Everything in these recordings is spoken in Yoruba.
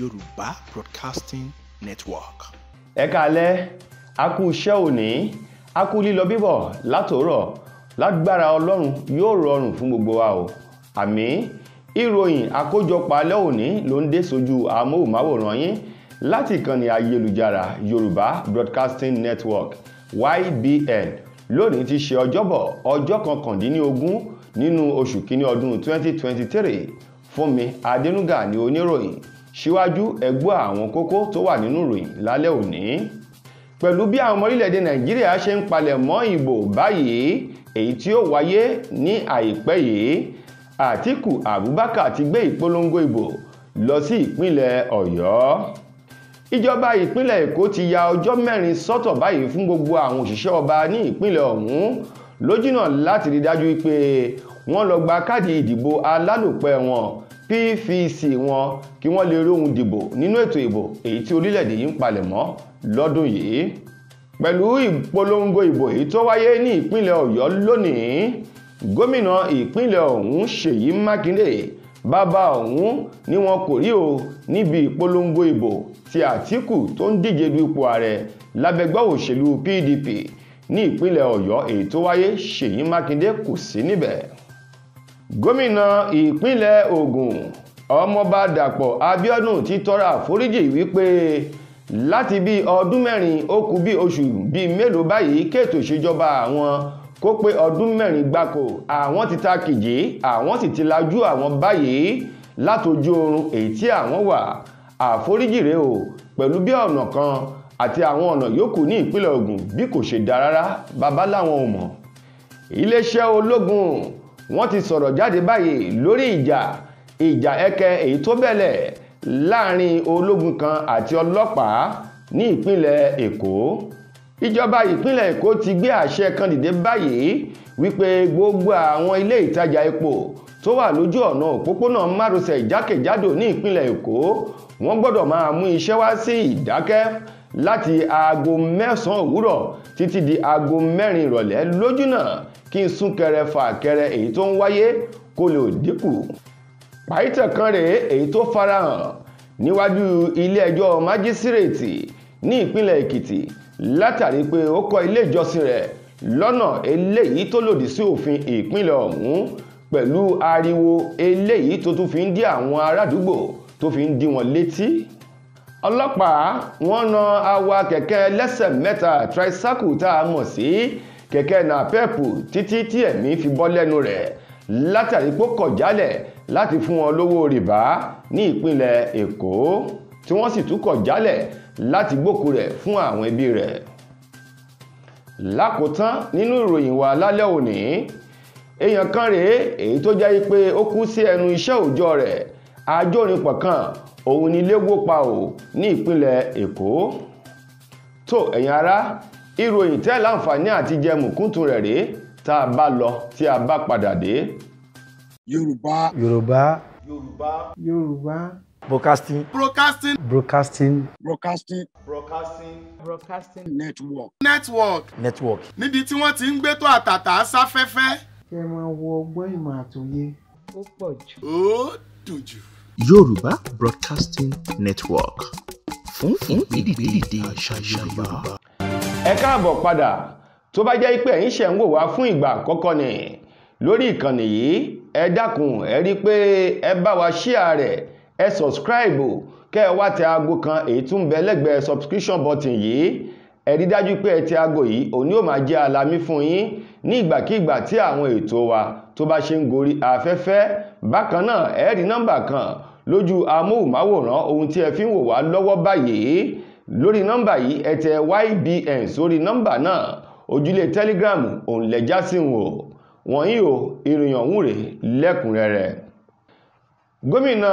Yorùbá Broadcasting Network. ẹ káalẹ́ a kú iṣẹ́ òní a kú lílọ bíbọ̀ látòórọ̀ lágbára ọlọ́run yóò rọrùn fún gbogbo wa o àmín ìròyìn àkójọpọ̀ alẹ́ òní ló ń dé sójú amóhùnmáwòrán yín láti ìkànnì ayélujára Yorùbá Broadcasting Network YBN lónìí ti ṣe ọjọ́bọ̀ ọjọ́ kọkàndínlógún nínú oṣù kínní ọdún 2023 fúnmi adẹnuga ni oníròyìn síwájú ẹ gbọ́ àwọn kókó tó wà nínú ìròyìn lálẹ́ òní pẹ̀lú bí àwọn ọmọ orílẹ̀-èdè nàìjíríà ṣe ń palẹ̀ mọ́ ìbò báyìí èyí tí ó wáyé ní àìpẹ́ yìí àtíkù abubakar ti gbé ìpolongo ìbò lọ sí ìpínlẹ̀ ọ̀yọ́ ìjọba ìpínlẹ̀ èkó ti ya ọjọ́ mẹ́rin sọ́tọ̀ báyìí fún gbogbo àwọn òṣìṣẹ́ ọba ní ìpínlẹ̀ ọ̀hún lójúnà láti rí dájú pé wọ́n lọ gba káàdì ìdìbò alálòpẹ́ wọn pvc wọn kí wọ́n lè róhun dìbò nínú ètò ìbò èyí tí orílẹ̀-èdè yìí ń palẹ̀ mọ́ lọ́dún yìí pẹ̀lú ìpolongo ìbò èyí tó wáyé ní ìpínlẹ̀ ọ̀yọ́ lónìí gómìnà ìpínlẹ̀ ọ̀hún ṣèyí mákindé bàbá ọ̀hún ni wọn kò rí o níbi ìpolongo ìbò tí àtìkù tó ń díje du ipò ààrẹ lábẹ́gbẹ́ òṣèlú pdp ní ìpínlẹ̀ ọ̀yọ́ èyí tó wáyé ṣèyí mákindé kò sí níbẹ̀ gómìnà ìpínlẹ̀ ogun, ọmọọba Dàpọ̀ Abíọ́dún ti tọrọ àforíjì wípé láti bí ọdún mẹ́rin ó kù bí oṣù bíi mélòó báyìí kéètò ìṣèjọba àwọn kó pé ọdún mẹ́rin gbáko àwọn ti ta kìjì àwọn sì ti lajú àwọn báyìí látòjú oorun èyí tí àwọn wà àforíjì rèé o pẹ̀lú bí ọ̀nà kan àti àwọn ọ̀nà yòókù ní ìpínlẹ̀ Ògùn bí kò ṣe dá rárá babaláwọn ò mọ̀ iléeṣẹ́ ológun wọ́n ti sọ̀rọ̀ jáde báyìí lórí ìjà ìjà ẹkẹ èyí tó bẹ̀lẹ̀ láàrin ológun kan àti ọlọ́pàá ní ìpínlẹ̀ Èkó ìjọba ìpínlẹ̀ Èkó ti gbé àṣẹ kan dìde báyìí wípé gbogbo àwọn ilé ìtajà epo tó wà lójú ọ̀nà òpópónà márosẹ̀ jákèjádò ní ìpínlẹ̀ Èkó wọ́n gbọ́dọ̀ máa mú iṣẹ́ wá sí ìdákẹ́ láti aago mẹ́sàn-án òwúrọ̀ títí di aago mẹ́rin ìrọ̀lẹ́ lójúnà kí n súnkẹrẹ fàkẹrẹ èyí tó ń wáyé kó lè dínkù. pàìtàn kan rèé èyí tó farahàn níwájú ilé-ẹjọ́ májísírèètì ní ìpínlẹ̀ èkìtì látàrí pé ó kọ́ ilé ìjọsìn rẹ̀ lọ́nà eléyìí tó lòdì sí òfin ìpínlẹ̀ ọ̀hún pẹ̀lú ariwo eléyìí tó tún fi ń dí àwọn arádùúgbò tó fi ń dí wọn létí ọlọ́pàá wọ́n na awa kẹ̀kẹ́ lẹ́sẹ̀ mẹ́ta tricycle tá a mọ̀ sí kẹ̀kẹ́ napẹ́ẹ̀pù títí tí ẹ̀mí fi bọ́ lẹ́nu rẹ̀ látàrí pó kọ̀ jálẹ̀ láti fún wọn lówó rìbá ní ìpínlẹ̀ Èkó tí wọ́n sì tún kọ̀ jálẹ̀ láti gbókù rẹ̀ fún àwọn ẹbí rẹ̀ lákòótán nínú ìròyìn wa lálẹ́ òní èèyàn kan rèé èyí tó jẹ́ pé ó kú sí ẹnu iṣẹ́ òòjọ́ rẹ̀ ajórin pọ̀kan òun ni léwó pa ò ní ìpínlẹ̀ èkó tó ẹ̀yin ará ìròyìn tẹ́ láǹfààní àti jẹ mùkúntùn rẹ̀ rèé tá a bá lọ tí a bá padà dé. yorùbá yorùbá yorùbá broadcasting broadcasting broadcasting broadcasting broadcasting broadcasting network network network níbi tí wọ́n ti ń gbé tó àtàtà sáfẹ́fẹ́. kẹ́ ẹ máa wo ọgbọ́n ìmọ̀ àtòyé ó pọ̀ jù. ó dùn jù. Yorùbá Broadcasting Network fún fún ìdílé àṣà Yorùbá. ẹ káàbọ̀ padà tó bá jẹ́ pé ẹ̀yin ṣẹ̀ ń wò wá fún ìgbà àkọ́kọ́ ni lórí ìkànnì yìí ẹ dákun ẹ rí i pé ẹ bá wa ṣíà rẹ̀ ẹ sọ̀scribe kẹ́ ẹ wá tẹ aago kan èyí tún bẹ lẹ́gbẹ̀ẹ́ subscription button yìí ẹ̀rí dájú pé ẹtì aago yìí òun yóò máa jẹ́ alamí fún yín ní ìgbàkígbà tí àwọn ètò wa tó bá ṣe ń gorí afẹ́fẹ́ bákan náà ẹ̀rí nọ́mbà kan lójú amóhùnmáwòrán ohun tí ẹ fi ń wò wá lọ́wọ́ báyìí lórí nọ́mbà yìí ẹ YBN sórí nọ́mbà náà ojúlé telegram òun lẹ́já sí wò wọ̀nyí o ìròyìn ọ̀hún rèé lẹ́kùnrẹ́rẹ́ gómìnà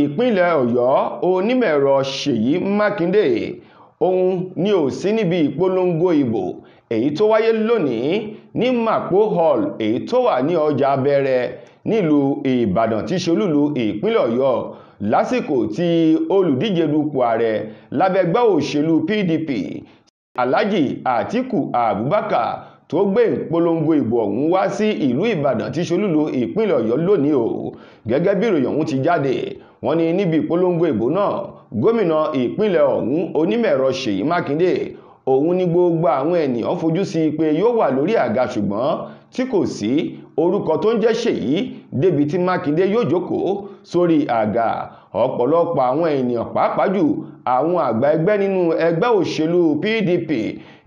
ìpínlẹ̀ ọ̀yọ́ onímọ̀ ṣèyí mákindé òun ni ò sí níbi ìpolongo ìbò èyí tó wáyé lónìí ní Mapo Hall èyí tó wà ní ọjà Abẹ́rẹ́ nílùú Ìbàdàn tí ṣolúlu ìpínlẹ̀ Ọ̀yọ́ lásìkò tí olùdíje dupò ààrẹ lábẹ́gbẹ́ òṣèlú PDP Alhaji Atiku Abubakar tó gbé ìpolongo ìbò ọ̀hún wá sí ìlú Ìbàdàn tí ṣolúlu ìpínlẹ̀ Ọ̀yọ́ lónìí o gẹ́gẹ́ bí ìròyìn ọ̀hún ti jáde wọ́n ní níbi ìpolongo ìbò náà gómìnà ìpínlẹ̀ ọ̀hún onímọ̀ẹ̀rọ Ṣèyí Mákindé òun ni gbogbo àwọn ènìyàn fojú sí i pé yóò wà lórí àga ṣùgbọ́n tí kò sí orúkọ tó ń jẹ́ Ṣèyí débi tí Mákindé yóò jókòó sórí àga ọ̀pọ̀lọpọ̀ àwọn ènìyàn pàápàá jù àwọn àgbà ẹgbẹ́ nínú ẹgbẹ́ òṣèlú PDP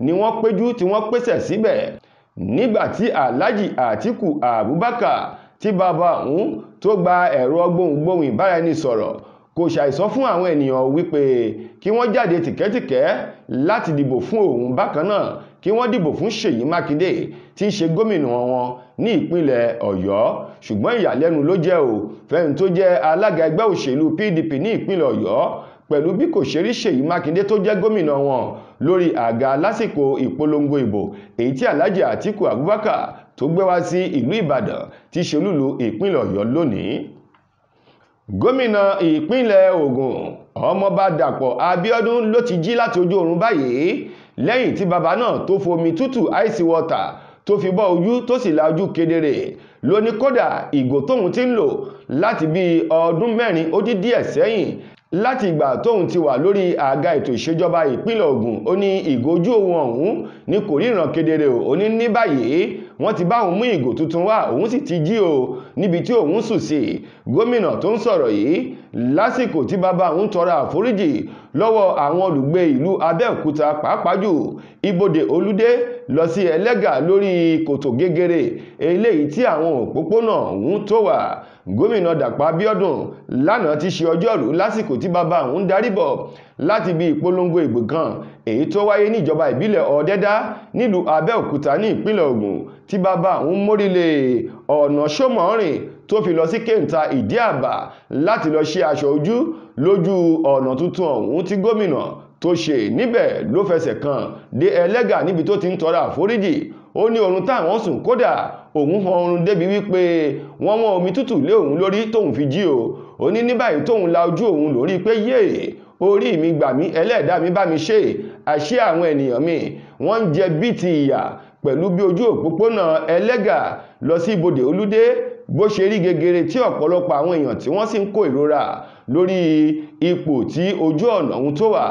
ni wọ́n péjú tí wọ́n pèsè síbẹ̀ nígbàtí Alhaji Atiku Abubakar tí bàbá òun tó gba ẹ̀rọ gbohùngbohùn ìbáraẹnisọ̀rọ̀ kò ṣàìsọ fún àwọn ènìyàn wípé kí wọ́n jáde tìkẹ́tìkẹ́ láti dìbò fún òun bákan náà kí wọ́n dìbò fún Ṣèyí Mákindé tí í ṣe gómìnà wọn ní ìpínlẹ̀ Ọ̀yọ́ ṣùgbọ́n ìyàlẹ́nu ló jẹ́ o fẹ́ni tó jẹ́ alága ẹgbẹ́ òṣèlú PDP ní ìpínlẹ̀ Ọ̀yọ́ pẹ̀lú bí kò ṣe rí Ṣèyí Mákindé tó jẹ́ gómìnà wọn lórí àga lásìkò ìpolongo ìbò èyí tí Alhaji Atiku Abubakar tó gbé wá sí ìlú Ìbàdàn tí ṣolúlu ìpínlẹ̀ Ọ̀yọ́ lónìí gómìnà ìpínlẹ̀ Ògùn ọmọọba Dàpọ̀ Abíọ́dún ló ti jí láti ojú oorun báyìí lẹ́yìn tí bàbá náà tó fomi tútù ice water tó fi bọ́ ojú tó sì la ojú kedere ló ní kódà ìgò tóun ti ń lò láti bí ọdún mẹ́rin ó dín díẹ̀ sẹ́yìn láti ìgbà tóun ti wà lórí àga ètò ìṣèjọba ìpínlẹ̀ Ògùn ó ní ìgò ojú òun ọ̀hún ní kò ríran kedere ò ní ní báyìí wọ́n ti bá òun mú ìgò tuntun wá òun sì ti jí o níbi tí òun sùn sí gómìnà tó ń sọ̀rọ̀ yìí lásìkò tí bàbá òun tọrọ àforíjì lọ́wọ́ àwọn olùgbé ìlú Abẹ́òkúta pàápàá jù ibodè olúdé lọ sí ẹlẹ́gà lórí kòtò gégéré eléyìí tí àwọn òpópónà òun tó wà gómìnà dàpọ̀ abíọ́dún lánàá ti ṣe ọjọ́rú lásìkò tí bàbá òun darí bọ̀ láti bí ìpolongo ìbò kan èyí tó wáyé níjọba ìbílẹ̀ ọ̀dẹ́dá nílùú abẹ́òkúta ní ìpínlẹ̀ ògùn tí bàbá òun mórílẹ̀ ọ̀nà sọ́mọ́rìn tó fi lọ sí kéńtà ìdí àbà láti lọ ṣe aṣọ ojú lójú ọ̀nà tuntun ọ̀hún tí gómìnà tó ṣe níbẹ̀ ló fẹsẹ̀ kan dé ẹlẹ́gà níbi tó ti ń tọrọ àforíjì ó ní oorun táwọn sùn kódà òun fọn oorun débi wípé wọ́n wọ́n omi tútù lé òun lórí tóun fi jí o ó ní ní báyìí tóun la ojú òun lórí pé yéè orí mi gbà mí ẹlẹ́ẹ̀dá mi bá mi ṣe àṣé àwọn ènìyàn mi wọ́n ń jẹ bíi ti ìyà pẹ̀lú bí ojú òpópónà ẹlẹ́gà lọ sí ibodè olúdé bó ṣe rí gegere tí ọ̀pọ̀lọpọ̀ àwọn èèyàn tí wọ́n sì ń kó ìrora lórí ipò tí ojú ọ̀nà ọ̀hún tó wà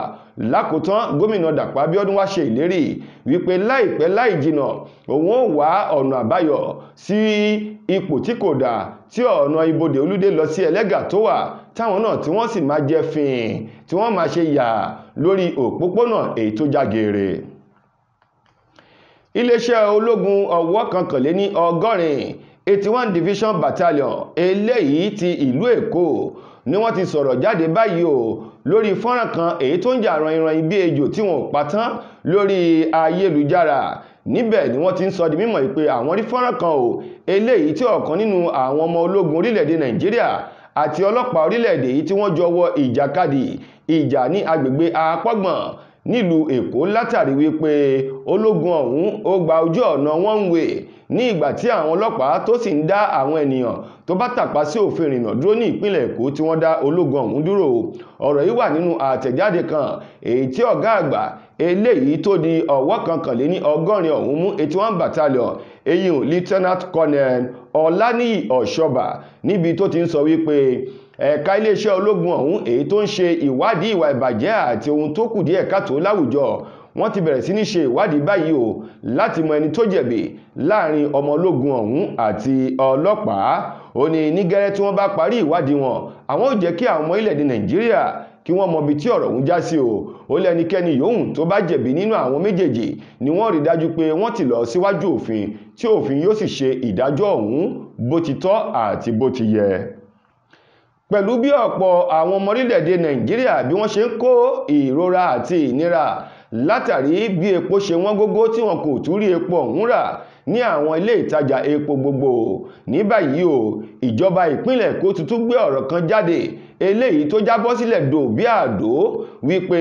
lákòótán gómìnà dàpọ̀ abíọ́dún wá ṣe ìlérí wípé láìpẹ́ láì jìnà òun ó wá ọ̀nà àbáyọ sí ipò tí kò dà tí ọ̀nà ibodè olúdé lọ sí ẹlẹ́gà tó wà táwọn náà tí wọ́n sì máa jẹ fìn tí wọ́n máa ṣe yà lórí òpópónà èyí tó já geere iléeṣẹ́ ológun ọ̀wọ́ kankanléní ọgọ́rin eighty division battalion eléyìí ti ìlú èkó ni wọ́n ti sọ̀rọ̀ jáde báyìí o lórí fọ́nrán kan èyí tó ń jà ranìran bí ejò tí wọn ò pa tán lórí ayélujára níbẹ̀ ni wọ́n ti ń sọ di mímọ̀ pé àwọn rí fọ́nrán kan o eléyìí tí ọ̀kan nínú àwọn ọmọ ológun orílẹ̀-èdè nàìjíríà àti ọlọ́pàá orílẹ̀-èdè yìí tí wọ́n jọ wọ ìjàkadì ìjà ní agbègbè apọ́gbọ̀n nílùú èkó látàrí wípé ológun ọ̀hún ó gba ojú ọ̀nà one way ní ìgbà tí àwọn ọlọ́pàá tó sì ń dá àwọn ènìyàn tó bá tàpá sí òfin ìrìnnà dúró ní ìpínlẹ̀ èkó tí wọ́n dá ológun ọ̀hún dúró ọ̀rọ̀ yìí wà nínú àtẹ̀jáde kan èyí tí ọ̀gá àgbà eléyìí tó di ọ̀wọ́ kankanléní ọgọ́rin ọ̀hún mú eighty one battalion eyín lieutenant colonel ọláníyì ọ̀ṣọ́bà níbi tó ti ń sọ wípé ẹ̀ka iléeṣẹ́ ológun ọ̀hún èyí tó ń ṣe ìwádìí ìwà ìbàjẹ́ àti ohun tó kù díẹ̀ káàtó láwùjọ wọ́n ti bẹ̀rẹ̀ sí ní ṣe ìwádìí báyìí o láti mọ ẹni tó jẹ̀bi láàrin ọmọ ológun ọ̀hún àti ọlọ́pàá ó ní ní gẹ́rẹ́ tí wọ́n bá parí ìwádìí wọn àwọn ò jẹ́ kí àwọn ọmọ ilẹ̀-èdè Nàìjíríà kí wọ́n mọbi tí ọ̀rọ̀ ń já sí o ó lẹ́nikẹ́ni yòówù tó bá jẹ̀bi nínú àwọn méjèèjì ni wọ́n rí dájú pé wọ́n ti lọ síwájú òfin tí òfin yóò sì ṣe ìdájọ́ ọ̀hún bó ti tọ́ àti bó ti yẹ pẹ̀lú bí ọ̀pọ̀ àwọn ọmọ orílẹ̀-èdè nàìjíríà bí wọ́n ṣe ń kó ìrora àti ìnira látàrí bí epo ṣe wọ́n gógó tí wọn kò tún epo ọ̀hún rà ní àwọn ilé ìtajà epo gbogbo ní báyìí o ìjọba ìpínlẹ̀ Èkó tuntun gbé ọ̀rọ̀ kan jáde eléyìí tó jábọ́ sílẹ̀ dò bí àdó wípé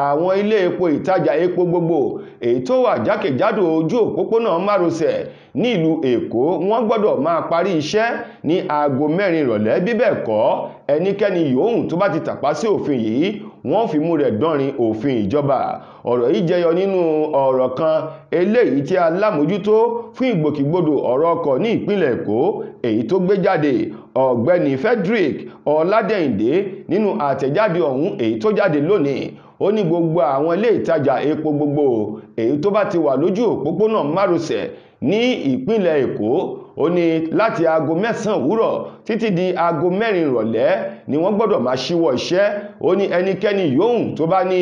àwọn ilé epo ìtajà epo gbogbo èyí tó wà jákèjádò ojú òpópónà márosẹ̀ nílùú Èkó wọ́n gbọ́dọ̀ máa parí iṣẹ́ ní aago mẹ́rin ìrọ̀lẹ́ bíbẹ̀ kọ́ ẹnikẹ́ni yòówù tó bá ti tàpá sí òfin yìí wọ́n fìmú rẹ̀ dánrin òfin ìjọba ọ̀rọ̀ yìí jẹyọ nínú ọ̀rọ̀ kan eléyìí tí alámòjútó fún ìgbòkègbodò ọ̀rọ̀ ọkọ̀ ní ìpínlẹ̀ èkó èyí tó gbé jáde ọ̀gbẹ́ni Frederick ọládẹ́yìndé nínú àtẹ̀jáde ọ̀hún èyí tó jáde lónìí ó ní gbogbo àwọn ilé ìtajà epo gbogbo èyí tó bá ti wà lójú òpópónà márosẹ̀ ní ìpínlẹ̀ Èkó ó ní láti aago mẹ́sàn òwúrọ̀ títí di aago mẹ́rin ìrọ̀lẹ́ ni wọ́n gbọ́dọ̀ máa ṣíwọ́ iṣẹ́ ó ní ẹnikẹ́ni yòówù tó bá ní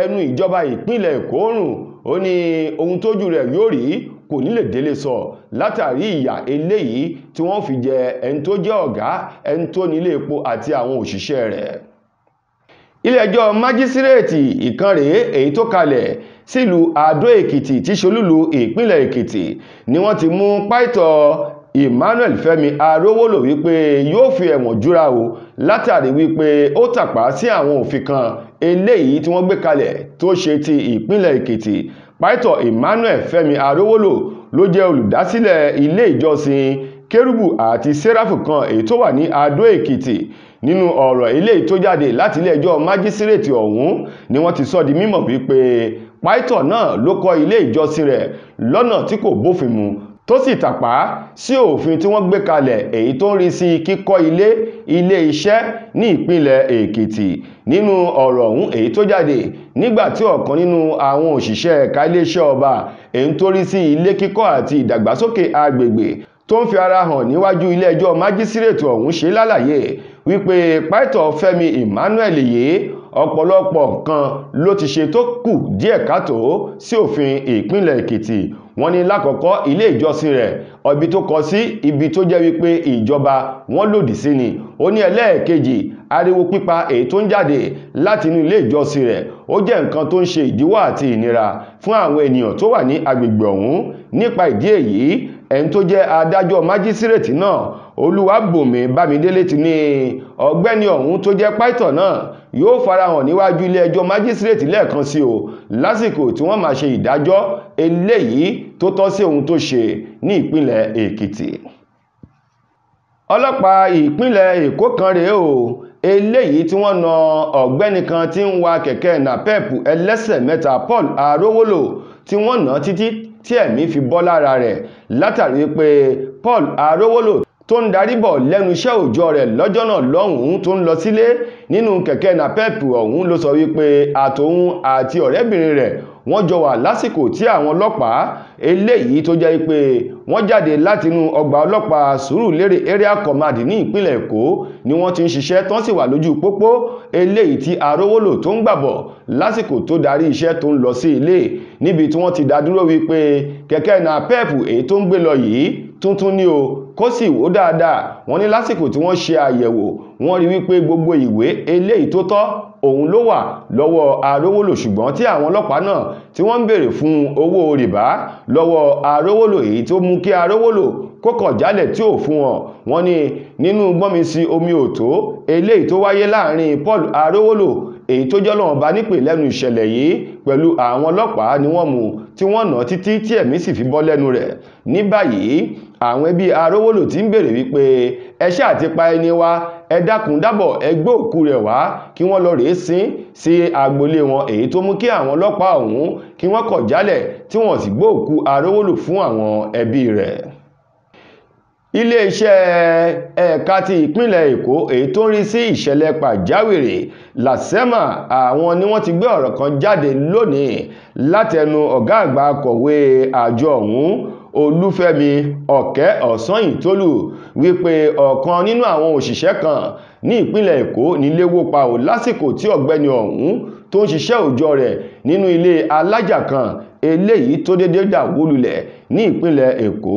ẹnu ìjọba ìpínlẹ̀ Èkó rùn ó ní ohun tójú rẹ̀ yóò rí kò ní lè délé sọ látàrí ìyà eléyìí tí wọ́n fi jẹ ẹni tó jẹ́ ọ̀gá ẹni tó nílé epo àti àwọn òṣìṣẹ́ rẹ̀ ilé-ẹjọ́ májísírèètì ìkànrè èyí tó kalẹ̀ sílùú adó èkìtì tí ṣolúlu ìpínlẹ̀ èkìtì ni wọ́n ti mú pàìtọ́ emmanuel fẹ́mi arówólò wípé yóò fi ẹ̀wọ̀n júra o látàrí wípé ó tàpá sí àwọn òfin kan eléyìí tí wọ́n gbé kalẹ̀ tó ṣe ti ìpínlẹ̀ èkìtì pàìtọ́ emmanuel fẹ́mi arówólò ló jẹ́ olùdásílẹ̀ ilé ìjọsìn kérúbù àti séráfù kan èyí tó wà ní adó èkìtì nínú ọ̀rọ̀ eléyìí tó jáde láti ilé ẹjọ́ májísírèètì ọ̀hún ni wọ́n ti sọ di mímọ̀ wípé pító náà ló kọ́ ilé ìjọsìn rẹ̀ lọ́nà tí kò bófin mu tó sì tàpá sí òfin tí wọ́n gbé kalẹ̀ èyí tó ń rí sí kíkọ́ ilé ilé iṣẹ́ ní ìpínlẹ̀ èkìtì nínú ọ̀rọ̀ ọ̀hún èyí tó jáde nígbà tí ọ̀kan nínú àwọn òṣìṣẹ́ ẹ̀ka iléeṣẹ́ ọba èyí tó rí sí ilé kíkọ́ àti ìdàgbàsókè agbègbè tó ń fi ara hàn níwájú ilé ẹjọ́ májísírèètì ọ̀hún ṣe lálàyé wípé pásítọ̀ Fẹ́mi Emmanuel yìí ọ̀pọ̀lọpọ̀ nǹkan ló ti ṣe tó kù díẹ̀ káàtó sí òfin ìpínlẹ̀ Èkìtì wọ́n ní lákọ̀ọ́kọ́ ilé ìjọsìn rẹ̀ ibi tó kọ sí ibi tó jẹ́ wípé ìjọba wọ́n lòdì sí ni ó ní ẹlẹ́ẹ̀kejì ariwo pípa èyí tó ń jáde láti inú ilé ìjọsìn rẹ̀ ó jẹ́ nǹkan tó ń ṣe ìdíwọ́ àti ìnira fún àwọn ènìyàn tó wà ní agbègbè ọ̀hún nípa ìdí èyí ẹni tó jẹ́ adájọ́ májísírètì náà olúwàbùnmi bámidélé ti ní ọ̀gbẹ́ni ọ̀hún tó jẹ́ pító náà yóò farahàn níwájú ilé ẹjọ́ májísírètì lẹ́ẹ̀kan sí o lásìkò tí wọ́n máa ṣe ìdájọ́ eléyìí tó tọ́ sí ohun tó ṣe ní ìpínlẹ̀ èkìtì ọlọ́pàá ìpínlẹ̀ èkó kan rèé o eléyìí tí wọ́n na ọ̀gbẹ́ni kan tí ń wa kẹ̀kẹ́ napep ẹlẹ́sẹ̀ mẹ́ta Paul Arówólò tí wọ́n nà títí tí ẹ̀mí fi bọ́ lára rẹ̀ látàrí pé Paul Arówólò tó ń darí bọ̀ lẹ́nu iṣẹ́ òòjọ́ rẹ̀ lọ́jọ́ náà lọ́hùn-ún tó ń lọ sílé nínú kẹ̀kẹ́ napep ọ̀hún ló sọ wípé àtòun àti ọ̀rẹ́bìnrin rẹ̀ wọ́n jọ wà lásìkò tí àwọn ọlọ́pàá eléyìí tó jẹ́ pé wọ́n jáde látinú ọgbà ọlọ́pàá Sùúrùlérè area command ní ìpínlẹ̀ Èkó ni wọ́n ti ń ṣiṣẹ́ tán sì wà lójú pópó eléyìí tí arówólò tó ń gbàbọ̀ lásìkò tó darí iṣẹ́ tó ń lọ sí ilé níbi tí wọ́n ti dá dúró wípé kẹ̀kẹ́ náà pẹ́ẹ̀pù èyí tó ń gbé lọ yìí tuntun ni o kó sì wó dáadáa wọ́n ní lásìkò tí wọ́n ṣe àyẹ̀wò wọ́n rí wípé gbogbo ìwé eléyìí tó tọ́ òun ló wà lọ́wọ́ arówólò ṣùgbọ́n tí àwọn ọlọ́pàá náà tí wọ́n ń béèrè fún owó rìbá lọ́wọ́ arówólò èyí tó mú kí arówólò kókọ̀ jálẹ̀ tí ò fún wọn wọ́n ní nínú gbọ́nmisí omi òtó eléyìí tó wáyé láàrin Paul arówólò èyí tó jọ́ lọ́wọ́ bá nípè lẹ́nu ìṣẹ̀lẹ̀ yìí pẹ̀lú àwọn ọlọ́pàá ni wọ́n mú tí wọ́n nà títí tí ẹ̀mí sì fi bọ́ lẹ́nu rẹ̀ ní báyìí àwọn ẹbí arówólò ti ń béèrè wípé ẹ ṣáà pa ẹni wa ẹ dákun dábọ̀ ẹ gbé òkú rẹ̀ wá kí wọ́n lọ rèé sin sí agboolé wọn èyí tó mú kí àwọn ọlọ́pàá ọ̀hún kí wọ́n kọ̀ jálẹ̀ tí wọ́n sì gbé òkú arówólò fún àwọn ẹbí rẹ̀ iléeṣẹ́ ẹ̀ka ti ìpínlẹ̀ èkó èyí tó ń rí sí ìṣẹ̀lẹ̀ pàjáwìrì làsẹ́mà àwọn ni wọ́n ti gbé ọ̀rọ̀ kan jáde lónìí látẹnu ọ̀gá àgbà akọ̀wé àjọ ọ̀hún olúfẹ́mi ọ̀kẹ́ ọ̀sányìntólù wípé ọ̀kan nínú àwọn òṣìṣẹ́ kan ní ìpínlẹ̀ èkó nílé wó pa ò lásìkò tí ọ̀gbẹ́ni ọ̀hún tó ń ṣiṣẹ́ òòjọ́ rẹ̀ nínú ilé alájà kan eléyìí tó dédé dà wó lulẹ̀ ní ìpínlẹ̀ èkó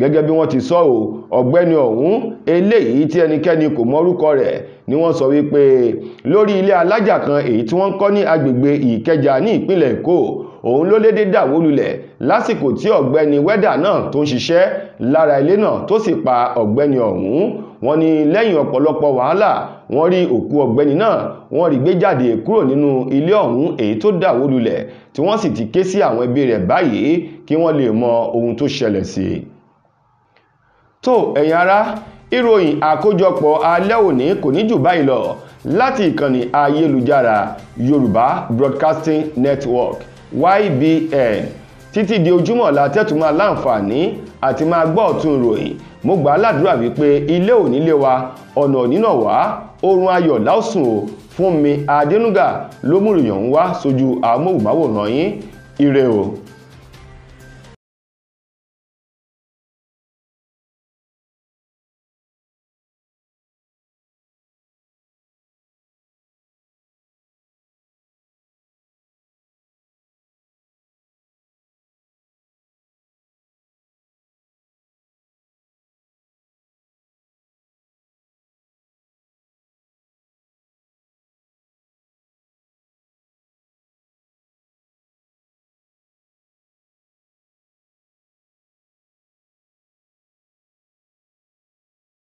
gẹ́gẹ́ bí wọ́n ti sọ ọ́ ọ̀gbẹ́ni ọ̀hún eléyìí tí ẹnikẹ́ni kò mọ́rúkọ rẹ̀ ni wọ́n sọ wípé lórí ilé alájà kan èyí tí wọ́n ń kọ́ ní agbègbè ìkẹjà ní ìpínlẹ̀ èkó òun ló lédè dàwó lulẹ̀ lásìkò tí ọ̀gbẹ́ni wẹ́dà náà tó ń ṣiṣẹ́ lára ilé náà tó sì pa ọ̀gbẹ́ni ọ̀hún wọ́n ní lẹ́yìn ọ̀pọ̀lọpọ̀ wàhálà wọ́n rí òkú ọ̀gbẹ́ni náà wọ́n rí gbé jáde kúrò nínú ilé ọ̀hún èyí tó dàwó lulẹ̀ tí wọ́n sì ti ké sí àwọn ẹbí rẹ̀ báyìí kí wọ́n lè mọ ohun tó ṣẹlẹ̀ sí i. tó ẹ̀yin ará ìròyìn àkójọpọ̀ alẹ́ òní kò ní jù báyìí lọ láti ìkànnì ayélujára Yorùbá Broadcasting Network YBN títí di ojúmọ́ la tẹ́tù máa láǹfààní àti máa gbọ́ ọ̀tún ìròyìn mo gbà á ládùúrà wípé ilé ò nílé wa ọ̀nà nínà wá oorun ayọ̀ láòsùn o fún mi Adénúgà ló mú ìròyìn ọ̀hún wá sójú amóhùnmáwòrán yín ire o.